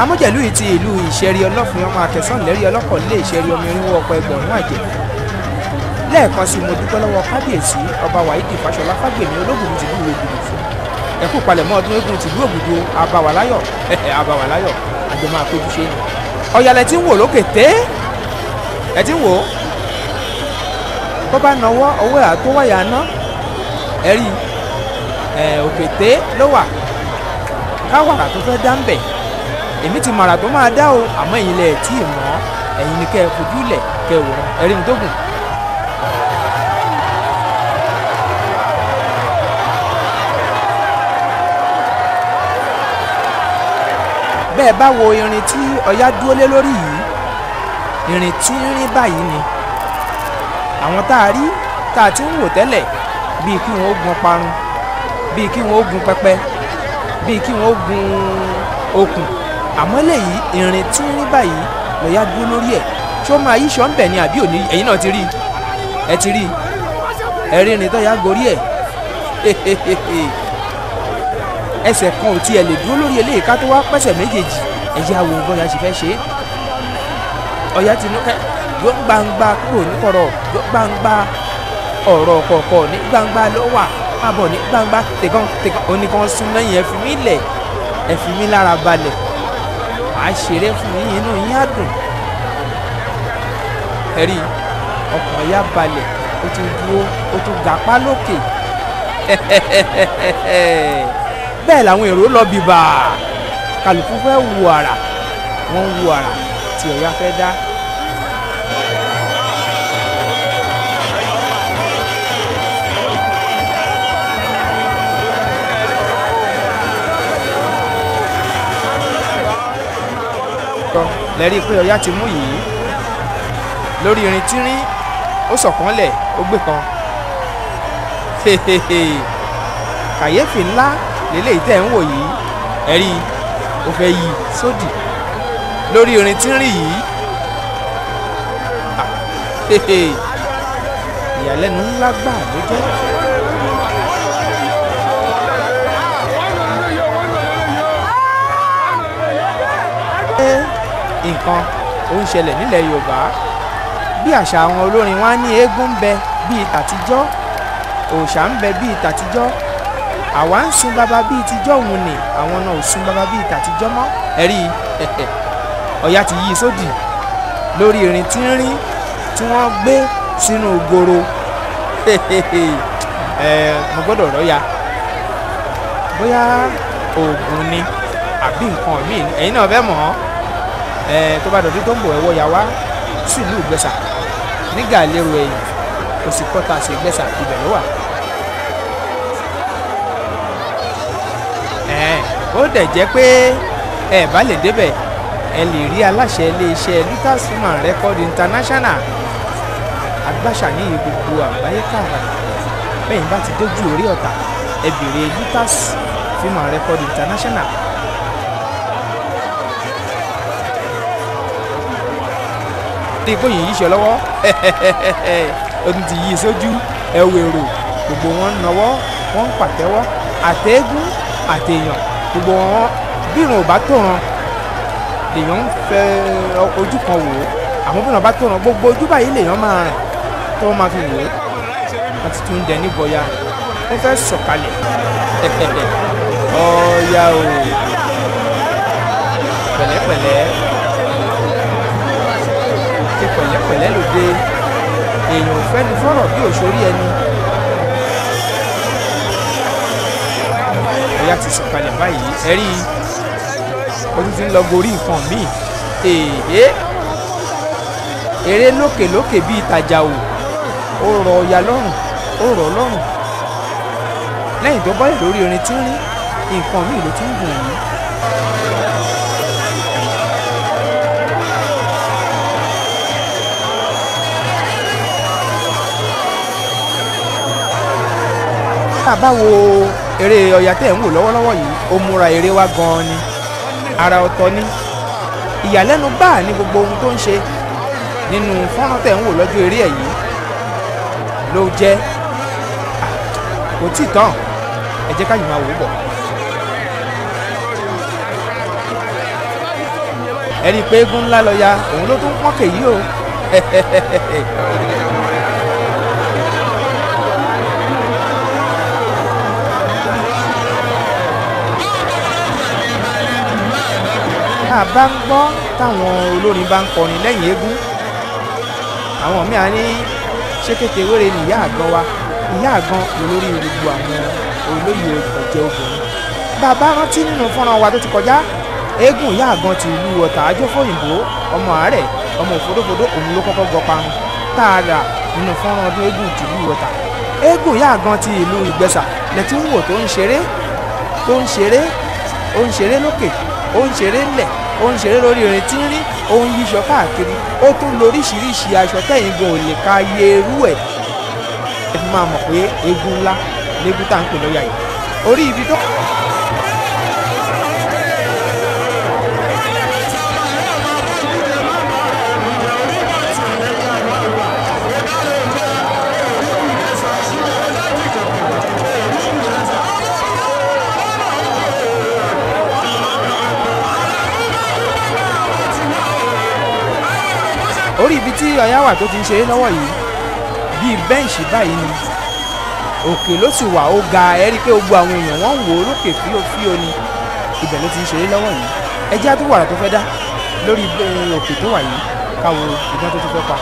amójẹ̀lú yìí ti ìlú ìṣẹ̀rí ọlọ́fin ọmọ akẹ́sàn lẹ́rí ọlọ́kọ̀ lé ìṣẹ̀rí ọmọ irínwó ọkọ̀ ẹgbọ̀nrún àjẹ́ lẹ́ẹ̀kan sí mo dúpẹ́ lọ́wọ́ kábíyèsí ọba wáídì fáṣọlá fágbèmí ológun tìlú ògùdù fún ẹ kú palẹ̀mọ́ ọdún eégún tìlú ògùdù abàwàláyọ̀ (laughs) abàwàláyọ̀ àjọmọ́ àpéjúṣe ni ọ̀yàlẹ̀ tí ń wò lókè té ẹ ti ń wò ó tó bá nawọ́ ọwọ́ ẹ̀ tó wáyà ná ẹ̀rí ẹ̀ òkété ló wà káwàrà tó fẹ́ dá ń bẹ̀ èmi ti màrà tó máa dá o àmọ́ ẹ̀yin lẹ̀ tí ì mọ́ ẹ̀yin ni kẹ́ ẹ fojú lẹ̀ kẹ́ ẹ wòran ẹ̀rí ni tó gùn. bẹ́ẹ̀ bá wo irin tí ọya dúró lé lórí yìí irin tí ń rí báyìí ni àwọn tá a rí tá a ti ń wò tẹ́lẹ̀ bíi kí wọ́n ó gun parun bíi kí wọ́n ó gun pẹpẹ bíi kí wọ́n ó gun okùn àmọ́ lèyí ìrìn tí ń rí báyìí lọ́yà dúró lórí ẹ̀ tí ó máa yíṣọ́ ń bẹ̀ ni àbí òní ẹ̀yin náà ti rí ẹ ti rí ẹ rí ìrìn tọ́yà gorí ẹ̀ (laughs) ẹsẹ̀ kan ò tiẹ̀ lè dúró lórí eléyìí ká tó wá pẹ́sẹ̀ méjèèjì ẹ̀yà wo bọ́yà sì fẹ́ ṣe é ọ̀yà ti nú kẹ́ yọ gbangba kúrò ní kọ̀rọ̀ yọ gbangba ọ̀rọ̀ kọ̀ọ̀kọ̀ ní gbangba ló wà má bọ̀ ní gbangba tẹ̀kàn tẹ̀kàn oníkan súnmọ́ yẹn ẹ fi mí lẹ̀ ẹ fi mí lára balẹ̀ màá ṣeré fún yín inú yín á dùn ẹ̀rí ọkàn ya balẹ̀ ó tún dúró ó tún gàpá lókè (laughs) bẹ́ẹ̀ làwọn èrò lọ bìbà kálukú fẹ́ wù àrà wọ́n wù àrà tí ọ̀yá fẹ́ dá. kan lẹ́rí pé ọ̀yá ti mú yìí lórí irin tírín ó sọ̀kan ó gbé kan kàyéfì ńlá lélẹ́yìí tẹ̀ ń wò yìí ẹ̀rí ó fẹ́ yí sódì lórí irin tírín yìí ah, ìyàlẹ́nu ńlá gbà ló jẹ́. nǹkan ó ń ṣẹlẹ̀ nílẹ̀ yorùbá bí àṣà àwọn olórin wa ní eégún ń bẹ bíi tàtijọ́ òòṣà ń bẹ bíi tàtijọ́ àwa ń sun bàbá bíi tijọ́ òun ni àwọn náà ò sun bàbá bíi tàtijọ́ mọ́ ẹ̀rí (laughs) ọ̀yà ti yí sódì lórí irin tí ń rí tí wọ́n gbé sínú goro (laughs) mo gbọ́dọ̀ rọ́ya bóyá oògùn ni àbí nǹkan míì ẹ̀yin náà fẹ́ mọ̀ ọ́ tó bá dọ̀dún tó ń bọ̀ ẹ̀wọ̀ yà wá sílùú ìgbẹ́sà nígà lérò ẹ̀yìn kò sì kọ́ta sí ìgbẹ́sà ibẹ̀ ló wà. ó dẹ̀ jẹ́ pé ẹ bá lè débẹ̀ ẹ lè rí aláṣẹ iléeṣẹ́ Lucas Human Record International agbáṣàníyàn gbogbo àgbáyé káàkiri bẹ́ẹ̀ bá ti dójú orí ọ̀tà ẹ bèrè Lucas Human Record International tí kò yìí ṣe lọ́wọ́ ó tún ti yí sójú ẹwù èrò gbogbo wọn ń nawọ́ wọn ń pàtẹ́wọ́ àtẹ́gùn àtẹ̀yàn gbogbo wọn bírun ò bá tòràn lèèyàn ń fẹ́ ojú kan wò ó àmọ́ bírun ò bá tòràn gbogbo ojú báyìí lèèyàn máa rìn tó máa fi wò ó wọn ti tún dẹ ní bọyá wọn fẹ́ sọ̀kalẹ̀ (laughs) ọ̀ọ́yà o pẹ̀lẹ́pẹ̀lẹ́ pẹ̀lẹ́pẹ̀lẹ́ lòde èèyàn ò fẹ́ ni fọ́rọ̀ bí òṣòrí ẹni. ẹ̀yà ti sọ̀kalẹ̀ báyìí ẹ rí i ó tún ti ń lọ gorí nǹkan míì èèyàn eré lókèlókè bíi ìtajà o ó rọ ọya lọ́rùn ó rọ̀ lọ́rùn lẹ́yìn tó bọ́lẹ̀ lórí irin tí ń rí nǹkan míì ló tún gùn yìí. tá a bá wo eré ọ̀yà tẹ̀ ń wò lọ́wọ́lọ́wọ́ yìí ó múra eré wa gan-an ni ara ọ̀tọ̀ ni ìyàlẹ́nu gbáà ní gbogbo ohun tó ń ṣe nínú fọ́nrán tẹ̀ ń wò lọ́jọ́ eré ẹ̀ yìí ló jẹ́ kò tí ì tán ẹ jẹ́ ká máa wò ó bọ̀. ẹ pé eégún ńlá lọ ya òun ló tún pọ́n kèyí o. (laughs) tá a bá ń gbọ́ táwọn olórin bá ń kọrin lẹ́yìn eégún àwọn míì ní ṣé kékeré ni ìyá àgan wa ìyá àgan olórí gbogbo àwọn olóyè ọ̀jẹ̀ obìnrin bàbá rántí nínú fọ́nrán wa tó ti kọjá eégún ìyá àgan ti ìlú ọ̀tà àjọfòyìnbó ọmọ àárẹ̀ ọmọ òfodófodó òun ló kọ́kọ́ gọpa ń tá a rà nínú fọ́nrán ọdún eégún ti ìlú ọ̀tà eégún ìyá àgan ti ìlú ìgbẹ́sà lẹ́tí ń wò tó ń ṣeré tó ń ṣeré ó ń ṣeré lókè ó ń ṣeré lẹ̀ ó ń ṣeré lórí irin tí ń rí ó ń yíṣọ káàkiri ó tún lóríṣiríṣi aṣọ tẹ̀yìn gan ò lè ka iye irú ẹ̀ ẹ fi máa mọ̀ pé eégún ńlá léegún tá à ń pè lọ́yà yìí orí ibi tó. ọ̀yáwà tó ti ń ṣe é lọ́wọ́ yìí bíi bẹ́ǹṣì báyìí ni òkè ló sì wà ó ga ẹ rí i pé gbogbo àwọn èèyàn wọ́n ń wò ó lókè fíofío ni ibẹ̀ ló ti ṣe é lọ́wọ́ yìí ẹjẹ́ àtúwàrà tó fẹ́ dá lórí òkè tó wà yìí káwọn ìdán tó ti fẹ́ pa.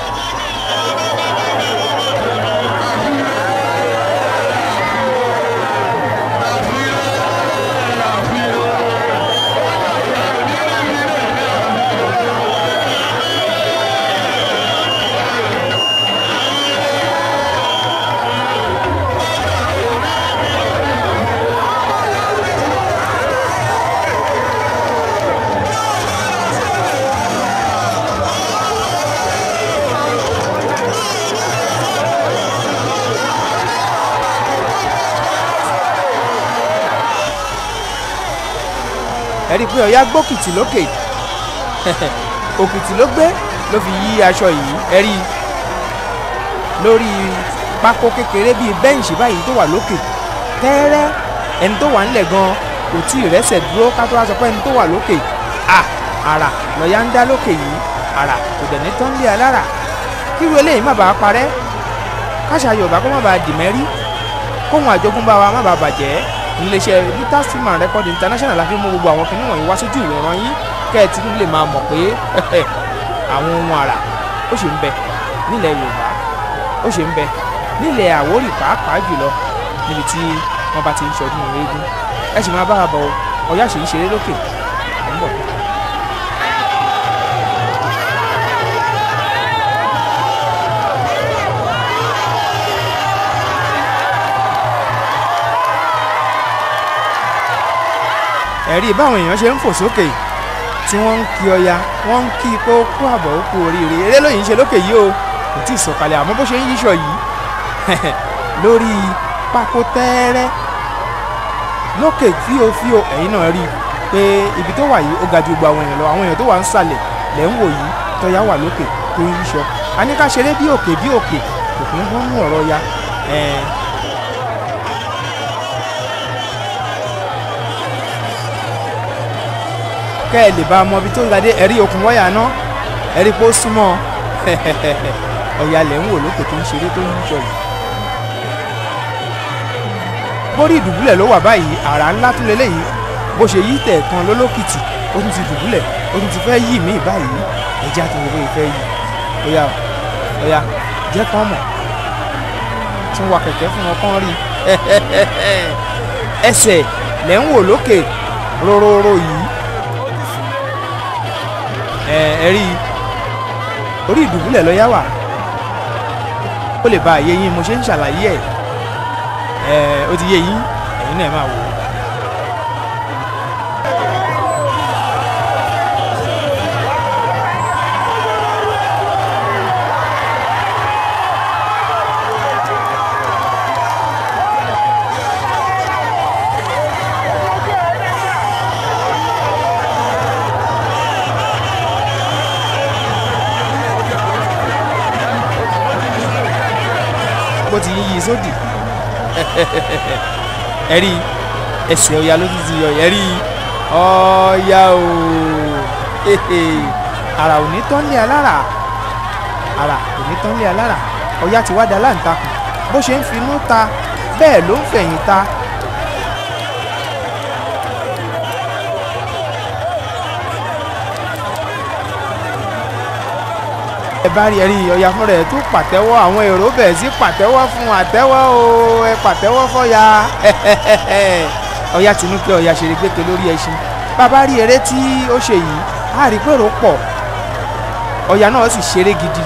rí i pé ọ̀yá gbókìtì lókè (laughs) òkìtì ló gbé ló fi yí aṣọ yìí ẹ rí i lórí pákó kékeré bíi bẹ́ǹṣì báyìí tó wà lókè tẹ́ẹ́rẹ́ ẹni tó wà ńlẹ̀ gan kò tí ì rẹ́sẹ̀ dúró ká tó wá sọ pé ẹni tó wà lókè à àrà lọ́yà ń dá lókè yìí àrà kò dẹ̀ ní tán lé alára kíru eléyìí má bàa parẹ́ káṣà yorùbá kó má bàa dì mẹ́rí kóhun àjogúnbá wa má bàa bàjẹ́ iléeṣẹ́ digital stream and record international la fi mú gbogbo àwọn kinní wọ̀nyí wá sójú ìwòran yín kẹ́ ẹ ti lè máa mọ̀ pé àwọn ohun àrà ó ṣì ń bẹ nílẹ̀ yorùbá ó ṣì ń bẹ nílẹ̀ àwórì pàápàá jùlọ níbi tí wọ́n bá ti ń ṣọdún eégún ẹ sì máa bá a bọ̀ ọ̀yá ṣì ṣeré lókè ẹ̀rí báwọn èèyàn ṣe ń fò sókè tí wọ́n ń kí ọya wọ́n ń kí pé ó àbọ̀ ó kú oríire eré lóyìn ṣe lókè yìí o kò tí ì sọ̀kalẹ̀ àmọ́ bó ṣe ń yíṣọ yìí (laughs) lórí pákó tẹ́ẹ́rẹ́ lókè fíofío ẹ̀yin náà rí pé ibi tó wà yìí ó ga ju gbogbo àwọn èèyàn lọ àwọn èèyàn tó wà ń sàlẹ̀ lẹ́ ń wò yìí tọ́yá wà lókè tó ń yíṣọ a bí òkè bí òkè òkè ń gbọ́n mú ọ̀rọ̀ ya kẹ́ ẹ lè bá mọ ibi tó ń gadé ẹ̀rí okùn wáyà náà ẹ̀rí pé ó súnmọ́ (laughs) ọ̀yàlẹ̀ ń wò lókè tó ń ṣeré tó ń jọ yìí. bórí ìdùbúlẹ̀ ló wà báyìí àrà ńlá tún lélẹ́yìí bó ṣe yí tẹ̀ kan lólókìtì ó tún ti dùbúlẹ̀ ó tún ti fẹ́ yí mí báyìí ẹ̀já tó ń gbé ìfẹ́ yìí ọ̀yà ọ̀yà jẹ́ kán mọ̀ tún wa kẹ̀kẹ́ fún wọn kán rí (laughs) ẹsẹ̀ lẹ́ ń wò lókè rororo yìí ẹ rí i orí ìdùbúlẹ̀ lọ́yà wà ó lè ba àyè yín mo ṣe ń ṣàlàyé ẹ̀ ẹ̀ ó ti yé yín ẹ̀yin náà máa wò ó. ti ń yí sódì (laughs) ẹ rí ẹsẹ̀ ọ̀yà ló ti ti yọ ẹ rí ọ̀yà o ara (laughs) ò ní tán lé alára ara ò ní tán lé alára ọ̀yà ti wá da láǹtakùn bó ṣe ń finú ta bẹ́ẹ̀ ló ń fẹ̀yìn ta ẹ bá rí ẹrí ọ̀yà fún rẹ̀ tún pàtẹ́wọ́ àwọn èrò bẹ̀rẹ̀ sí pàtẹ́wọ́ fún àtẹ́wọ́ o ẹ pàtẹ́wọ́ fọ́ya (laughs) ọ̀yà tìǹkẹ́ ọ̀yà ṣeré gbẹ́kẹ̀ lórí ẹṣin bàbá rí eré tí ó ṣe yìí á rí pèrò pọ̀ ọ̀yà náà sì ṣeré gidi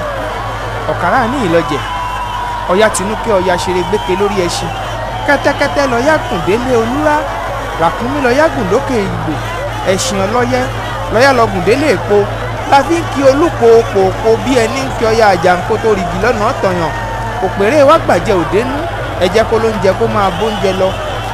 ọ̀kàrà ní ìlọjẹ̀ ọ̀yà tìǹkẹ́ ọ̀yà ṣeré gbẹ́kẹ̀ lórí ẹṣin kẹ́tẹ́kẹ́tẹ́ lọ́yà gùn délé olúra ràkúnmí lọ́yà gùn lókè ìgbò ẹṣin ọlọ́yẹ lọ́yà lọ́gùn délé èpo la fi ń kí olúkòókòókò bí ẹni ń kí ọya àjàǹkó tó rìgì lọ́nà ọ̀tọ̀yàn òpèré wa gbàjẹ́ òdénú ẹ̀jẹ̀ kó ló ń jẹ kó máa bóúnjẹ lọ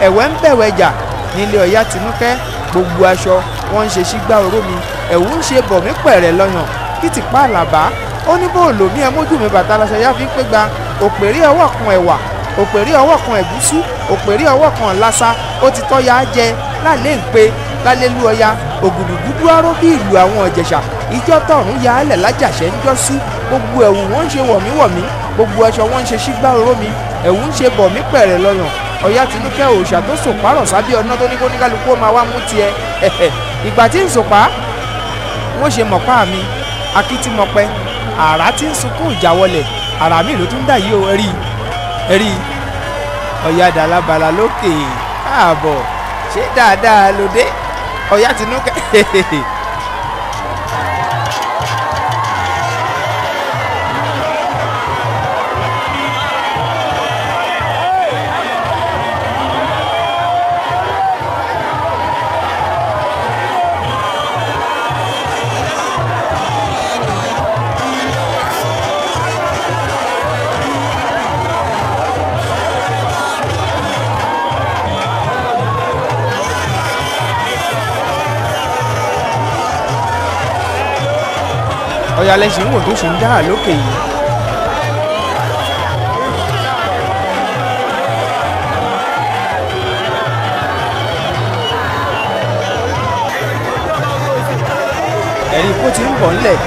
ẹ̀wẹ̀ ń bẹ̀wẹ̀ jà nílé ọ̀yá tinúkẹ́ gbogbo aṣọ wọn ń ṣe sígbà oró mi ẹ̀wù ń ṣe bọ̀ mí pẹ̀rẹ̀ lọ́yàn kí ti pa àlàbá ó ní bó lòmí ẹ mójú mi bàtà lọ́sọ yá fi ń pé gba òpèré ọwọ́ kan ẹ̀wà òpèré ọwọ́ kan ẹ̀gúsú òpèré ọwọ́ kan lásà ó ti tọ́ ya jẹ lálé ń pe lálé lú ọya ògùdùdúdú aró bí ìlú àwọn ọ̀jẹ̀ṣà ìjọ tọ̀run yaálẹ̀ lájàṣẹ́ ń jọ́ sí gbogbo ẹ̀wù wọn ń ṣe wọ̀míwọ̀mí gbogbo aṣọ wọn ń ṣe sígbà oró mi ẹ̀wù ń ṣe bọ̀ mí pẹ̀rẹ̀ lọ́yàn ọ̀yá tinúkẹ́ òòṣà tó sòpá rọ̀ sábẹ́ ọ̀nà tó ní kó níkálukú ó máa wá mú tiẹ̀ ìgbà tí ń sòpá wọ́n ṣe mọ̀pá mi akitimọ̀pẹ́ àrá tí ń sunkún ìjà wọlẹ̀ àrá mi ló tún dà yí o rí i rí i ọ̀yá dàlábàlà lókè ààbọ̀ ṣé dáadáa lòdè ọ̀yá tinúkẹ́ (laughs) bóyá lẹ́sìn wò tó sì ń dáhà lókè yìí. ẹ̀rí kó ti ń bọ̀ ńlẹ̀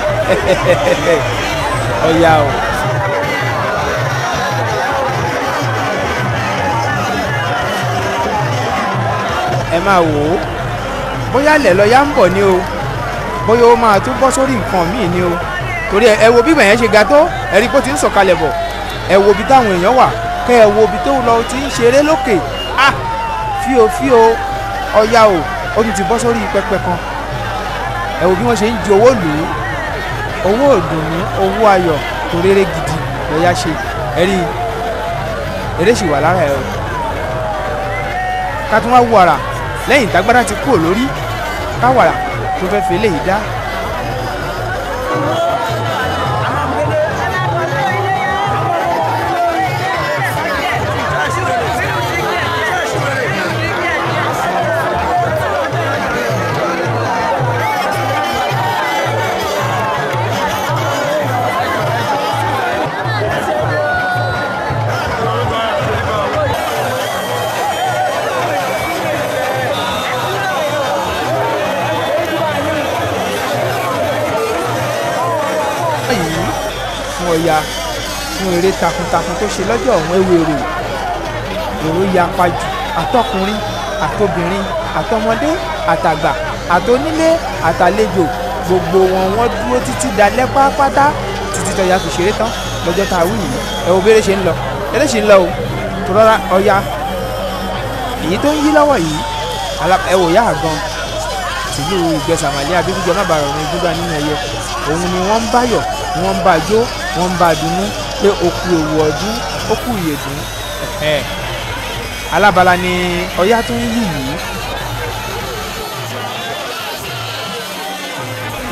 (laughs) ọ̀yà o. ẹ máa wò ó bóyá lẹ̀ lọ́ọ́ ń bọ̀ ni o bóyá ó máa tún bọ́ sórí nǹkan míì ni o torí ẹ wo bí bẹ̀yẹn ṣe ga tó ẹ rí i pé ó ti ń sọ̀kalẹ̀ bọ̀ ẹ wo ibi táwọn èèyàn wà kẹ ẹ wo ibi tó lọ ti ń ṣeré lókè á ah! fíofío ọya o ó tún ti bọ́ sórí pẹpẹ kan ẹ wo bí wọ́n ṣe ń ju owó lù ú owó ìdùnnú owó ayọ̀ tó rere gidi lọ́yà ṣe ẹ rí i eré ṣì wà lára ẹ o ká tún wá wọ ara lẹ́yìn ìtagbára ti kúrò lórí káwàrà tó fẹ́ fi eléyìí dá ya fún eré takuntakun tó ṣe lọ́jọ́ ọ̀hún ewérò èrò yapa jù àtọkùnrin àtobìnrin àtọmọdé àtàgbà àtonílé àtàlejò gbogbo wọn wọ́n dúró títí dalẹ́ pátápátá títí tọ́ya fi ṣeré tán lọ́jọ́ tá a wí yìí ẹ wo béèrè ṣe ń lọ eré ṣe ń lọ o tó rọra ọya èyí tó ń yí lọ́wọ́ yìí ẹ wò yá àgbọn tìlú ìgbẹ́sàmàlẹ́ abíkújọ má bàa rọrùn gbígbà nínú ẹyẹ òun ni wọ́n ń báyọ̀ wọ́n ń bá jó wọ́n ń bá a dunnú pé o kú ewu ọdún ó kú ìyèdún alábala ni ọ̀yá tó ń lù yìí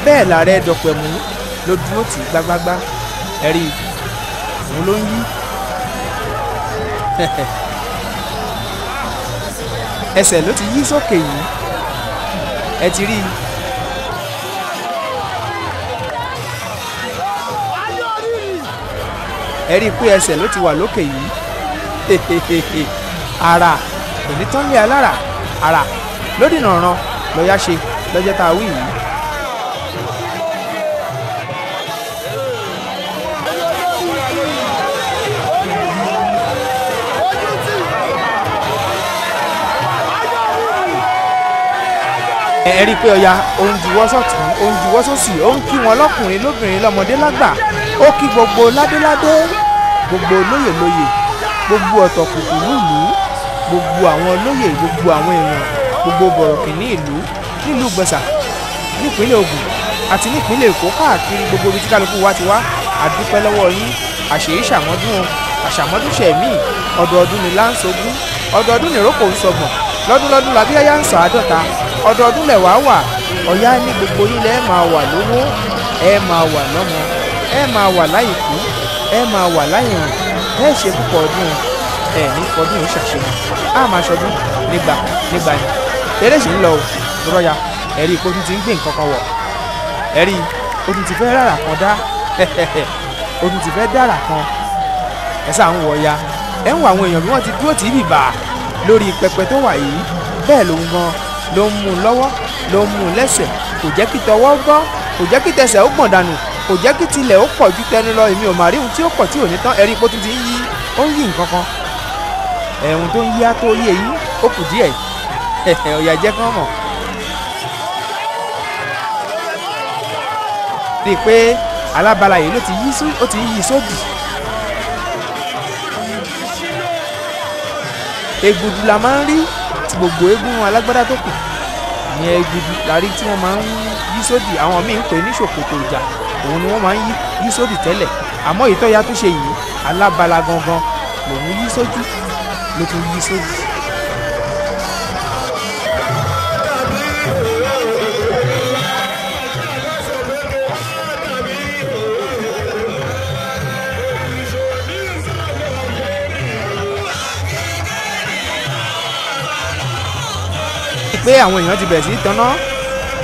bẹ́ẹ̀ làárẹ̀ dọ̀pẹ̀mú ló dúró tì í gbágbágbá ẹ̀rí òun ló ń yí ẹsẹ̀ ló ti yí sókè yìí ẹ ti rí i. ẹ rí i pé ẹsẹ̀ ló ti wà lókè yìí (laughs) ara onítọ́nlé alára ara lódìnà ọ̀ràn lọ́yà ṣe lọ́jọ́ tá a wí yìí. ẹ rí i pé ọya ó ń juwọ́ sọ̀tún ó ń juwọ́ sósì ó ń kí wọn lọ́kùnrin lóbìnrin lọ́mọdé lágbà ó kí gbogbo ládéládé gbogbo olóyè lóyè gbogbo ọ̀tọ̀kùnkùn nílùú gbogbo àwọn olóyè gbogbo àwọn èèyàn gbogbo bọ̀rọ̀kìnní ìlú nílùú gbọ̀nsà nípínlẹ̀ Ògùn àti nípínlẹ̀ Èkó káàkiri gbogbo ibi tí kálukú wa ti wá àdúpẹ́ lọ́wọ́ yín àṣèyí ṣàmọ́dún àṣàmọ́dúnṣẹ́ míì ọdọọdún ni láǹṣogún ọdọọdún ni rókò ń sọgbọ̀n lọ́dúnlọ́dún làbíyáyá ń sọ àádọ́ta ọdọọdún lẹ̀ wá wà ọ̀yá ní gbogbo yín lẹ́ẹ̀ máa wà lówó ẹ máa wà lọ́mọ ẹ máa wà láìkú ẹ máa wà láyé wọn ẹ ṣe púpọ̀ ọdún ẹ ní fọdún yìí ṣàṣeyàn á máa ṣọdún nígbà nígbà ni eré ṣì ń lọ o rọ́yà ẹ̀rí kó tún ti ń gbé nǹkan kan wọ̀ ẹ̀rí o tún ti fẹ́ rárá kan dá o (laughs) tún ti fẹ́ dára kan ẹ sáà ń wọ ya ẹ ń wọ àwọn èèyàn bí wọ́n ti dúró tì í bìbà lórí pẹpẹ tó wà yìí bẹ́ẹ̀ lòun gan ló ń mú un lọ́wọ́ ló ń mú un lẹ́sẹ̀ kò jẹ́ kí tọwọ́ gbọ́n kò jẹ́ kí tẹsẹ̀ ó gbọ̀n dànù kò jẹ́ kí tilẹ̀ ó pọ̀ ju tẹnu lọ èmi ò mà rí ohun tí ó pọ̀ tí ò ní tán ẹ̀rí ipò tún ti ń yí ó ń yí nǹkan kan ẹ̀hún tó ń yí á tó yí èyí ó kù díẹ̀ (laughs) ọ̀yà jẹ́ kán mọ̀. rí i pé alábala yìí ló ti yí sí ó ti yí sódì. egudu la máa ń rí gbogbo eégún alágbádá tó kù ìyẹn egudu la rí tí wọ́n máa ń yí sódì àwọn míì ń pè ní ṣòkòtò ìjà òun ni wọ́n máa ń yí sódì tẹ́lẹ̀ àmọ́ ìtọ́ya tó ṣe yìí alábala gangan lòun yí sójú ló tún yí sódì. pé àwọn èèyàn ti bẹ̀rẹ̀ sí í tanná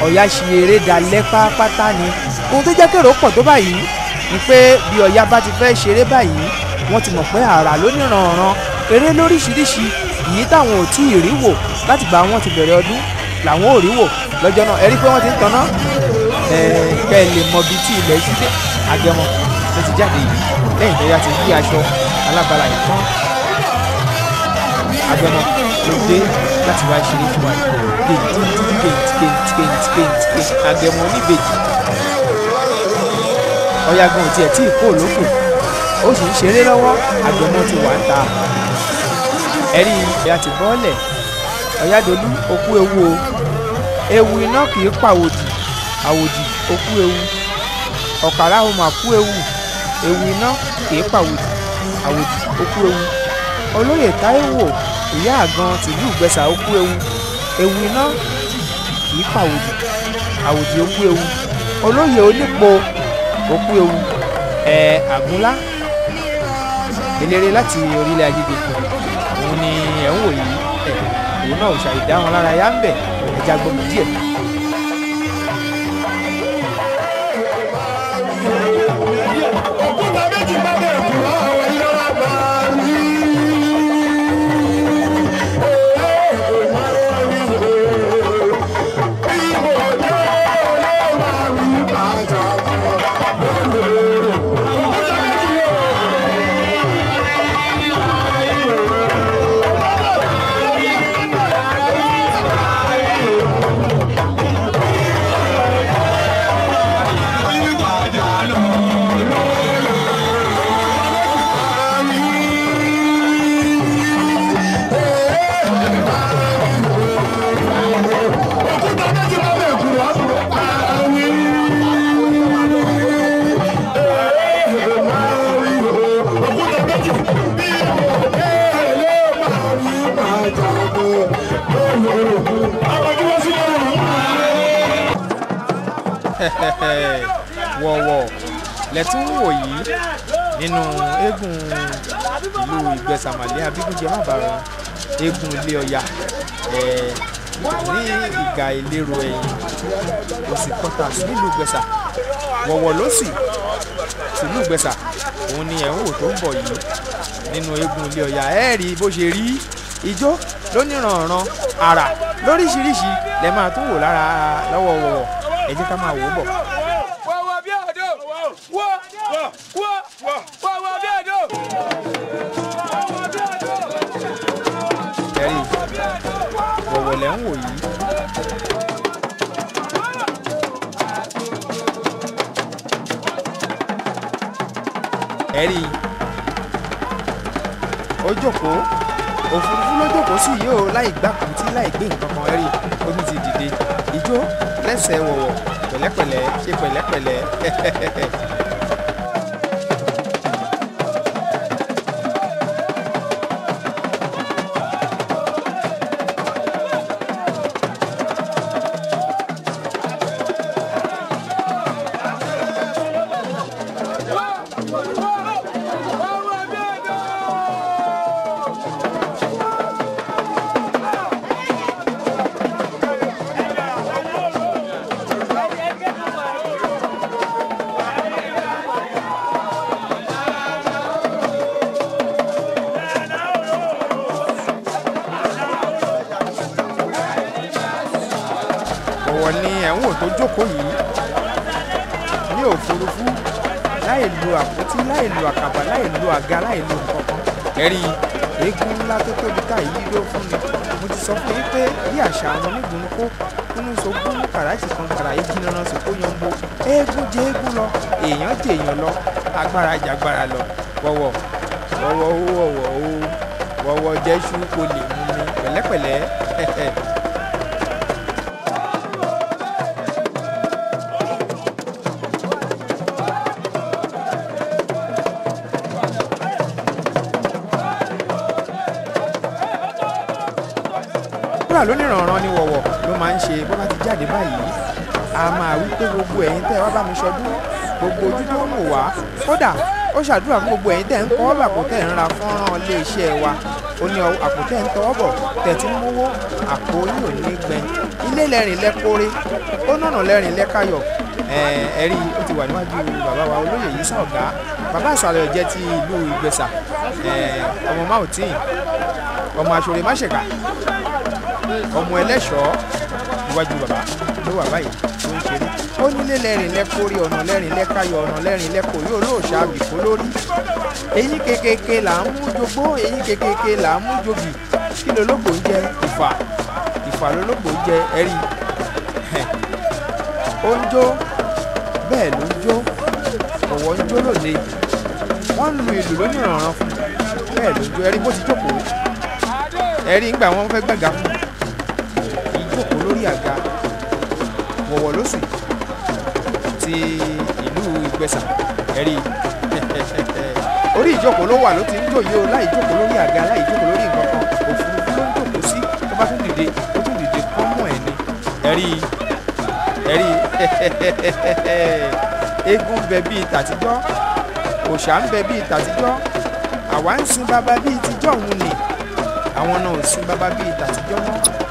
ọ̀yà ṣiyèrè dalẹ́ pátápátá ni ohun tó jẹ́ kérò pọ̀ tó báyìí ni pé bí ọ̀yá bá ti fẹ́ ṣeré báyìí wọ́n ti mọ̀ pé àrà lóníranran eré lóríṣiríṣi èyí táwọn ò tí ì rí wò láti gbà wọ́n ti bẹ̀rẹ̀ ọdún làwọn ò rí wò lọ́jọ́ náà ẹ rí pé wọ́n ti ń tanná kẹ́ ẹ lè mọ ibi tí ilẹ̀ ṣí dé agẹmọ ló ti jáde yìí lẹ́yìn tó yá ti yí aṣọ alábala yìí tán agẹmọ ṣòdé láti wá ṣeré fún wa ìkọ̀ gèntìgèntìgèntìgèntìgèntì àgẹ̀mọ́ oníbejì ọ̀yàgàn tiẹ̀ tí ìkó lóko ó sì ń ṣeré lọ́wọ́ àgẹ̀mọ́ ti wà ń ta ẹ̀rí àti bọ́ọ̀lẹ̀ ọ̀yàdọ́lú okú ewu o ewu iná kì í pàwòdì àwòdì okú ewu ọ̀kàrà ó mà kú ewu ewu iná kì í pàwòdì àwòdì okú ewu olóyè Táíwò ìyá àgan tìlú ìgbẹ́sà ó kú ewu ewu iná kì í pàwòdì àwòdì ó kú ewu olóyè onípo ó kú ewu ẹ àgúnlá eléré láti orílẹ̀ ajídé òun ni ẹ̀ ń wò yìí ẹ̀ òun náà ò ṣàìdá wọn lára yá ń bẹ̀ ẹ̀já gbọ́mọ díẹ̀. wọ̀ọ̀wọ̀ lẹ́tún wò yìí nínú eégún ìlú ìgbẹ́sàmàlẹ́ abígúnjẹ mábàárà eégún ilé ọya ní ìgà ìlérò ẹ̀yìn òsì quarters nílùú gbẹ̀sà wọ̀wọ̀ ló sì tìlú gbẹ̀sà òun ni ẹ̀ ń wò tó ń bọ̀ yìí nínú eégún ilé ọya ẹ̀ rí bó ṣe rí ijó lóníranran àrà lóríṣiríṣi lè máa tún wò lára lọ́wọ́ wọ̀wọ̀ ẹ ká máa wò ó bọ̀ wọ́ wọ́ wọ́ wọ́ bí ẹ̀dọ́. ẹ̀rí wọ̀wọ̀lẹ̀ ń wò yìí. ẹ̀rí ó òfurufú ló jókòó sí yìí ó láì gbàkútí láì gbé nǹkan kan ẹ̀rí ó ti dìde ijó lẹ́sẹ̀ wọ̀wọ̀ pẹ̀lẹ́pẹ̀lẹ́ ṣe pẹ̀lẹ́pẹ̀lẹ́ jókòó yìí ní òfurufú láì lo àpótí láì lo àkàbà láì lo àga láì lo nǹkan kan ẹ̀rí eégún ńlá tó tóbi ká yìí ló fún mi mo ti sọ fún yín pé bí àṣà àwọn onígun kó nínú sọgbó ní kàràìsì kan kàrà igi nanran sì kó yan bo eégún jẹ eégún lọ èèyàn jẹ èèyàn lọ agbára jàgbára lọ wọ̀wọ̀ wọ̀wọ̀ ó wọ̀wọ̀ ó wọ̀wọ̀ jẹ́sú kò lè mú mi pẹ̀lẹ́pẹ̀lẹ́ (laughs) kódà lónìrànràn ni wọ̀wọ̀ ló máa ń ṣe bó bá ti jáde báyìí a máa wí pé gbogbo ẹ̀yin tẹ́ wá bá mi ṣọdún gbogbo ojú tó ń wò wá kódà ó ṣàdúrà fún gbogbo ẹ̀yin tẹ́ ń kọ́ àpótẹ́ ń ra fọ́nrán iléeṣẹ́ wa ó ní àpótẹ́ ń tọwọ́ bọ̀ tẹ̀tún mówó àpò yìí ò ní gbẹ ilé lẹ́rìn lẹ́kọ́rẹ́ ó nànà lẹ́rìn lẹ́kayọ̀ ẹ̀rí ó ti wà níwájú bàbá wa olóyè yìí sọ̀gá bàbá àsàlẹ̀ jẹ́ ti ìlú Ìgbẹ̀sà ọmọ máwùtíì ọmọ àṣọrẹ́ máṣẹ̀ká ọmọ ẹlẹ́ṣọ̀ọ́ iwájú bàbá ló wà báyìí tó ń ṣeré ó nílé lẹ́rìn lẹ́kórí ọ̀nà lẹ́rìn lẹ́kayọ̀ ọ̀nà lẹ́rìn lẹ́kọ̀ọ́ yóò lóòṣà bìkó lórí eyín kékèké là ń mú jogbó eyín kékèké là ń mú jogì kí lológbò ń jẹ ìfà ìfà lológbò ń jẹ ẹ̀rí (laughs) ó ń jó bẹ́ẹ̀ ló ń jó ọ̀wọ́ ń jó lóde wọ́n ń lu ìlú lónìí ọ̀ràn fún bẹ́ẹ̀ ló ń jó ẹ̀rí bó ti jókòó ẹ̀rí ńgbà wọn fẹ́ gbàgà fún ìwọ̀lósùn ti ìlú ìgbẹ̀sà ẹ̀rí (laughs) orí ìjókòó ló wà ló ti ń jòyè o láì jókòó lórí àga láì jókòó lórí nǹkan kan òfurufú ló ń jókòó sí tó bá tún dìde ó tún dìde kọ́ mọ́ ẹ̀ ni ẹ̀rí ẹ̀rí (laughs) eégún bẹ bíi tàtijọ́ òòṣà ń bẹ bíi tàtijọ́ àwa ń sin baba bíi tijọ́ òun ni àwọn náà ò sin baba bíi tàtijọ́ mọ́.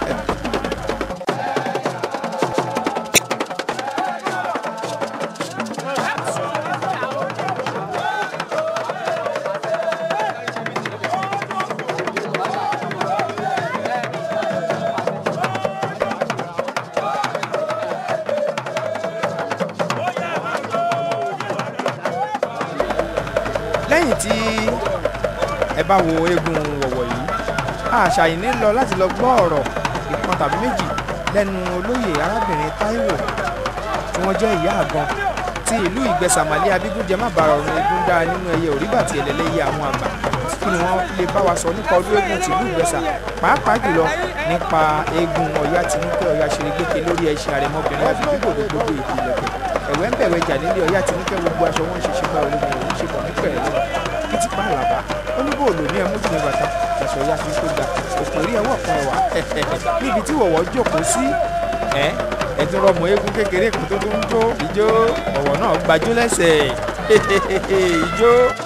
bá wo eégún wọ̀wọ̀ yìí àṣàyìní lọ láti lọ gbọ́ ọ̀rọ̀ ìkan tàbí méjì lẹ́nu olóyè arábìnrin Táíwò tí wọ́n jẹ́ ìyá àgan ti ìlú ìgbẹ́sàmálẹ̀ abígúnjẹ má bàrà ọ̀run eégún dáa nínú ẹyẹ òríbàtì ẹlẹ́lẹ́yẹ àwọn àgbà kí ni wọ́n lè bá wa sọ nípa ọdún eégún tìlú ìgbẹ́sà pàápàá jùlọ nípa eégún ọ̀yá tinúkẹ́ ọ̀yá ṣerégbéke lórí ẹṣin àrẹ̀mọbìnrin àfìdígbòdo gbogbo èdè ìlẹ̀kẹ̀ ẹ̀wẹ̀ ń bẹ̀rẹ̀ jà nílé ọ̀yá tinúkẹ́ gbogbo aṣọ wọn ṣe ṣe bá olómi òun ṣe pọ̀ nípẹ̀rẹ̀ kìtìpá àlàbá oníbòòlù ní ẹmú jìnnà bàtà aṣọ ìyá fi tó ga òpèrè ẹwọ ọkàn ẹwà (laughs) níbi tí wọ̀wọ́ jókòó sí ẹ ẹtún rọmọ eégún kékeré kan tó tó ń jó ìjó ọ̀wọ̀ náà gbajú lẹ́sẹ̀ ìjó. (laughs)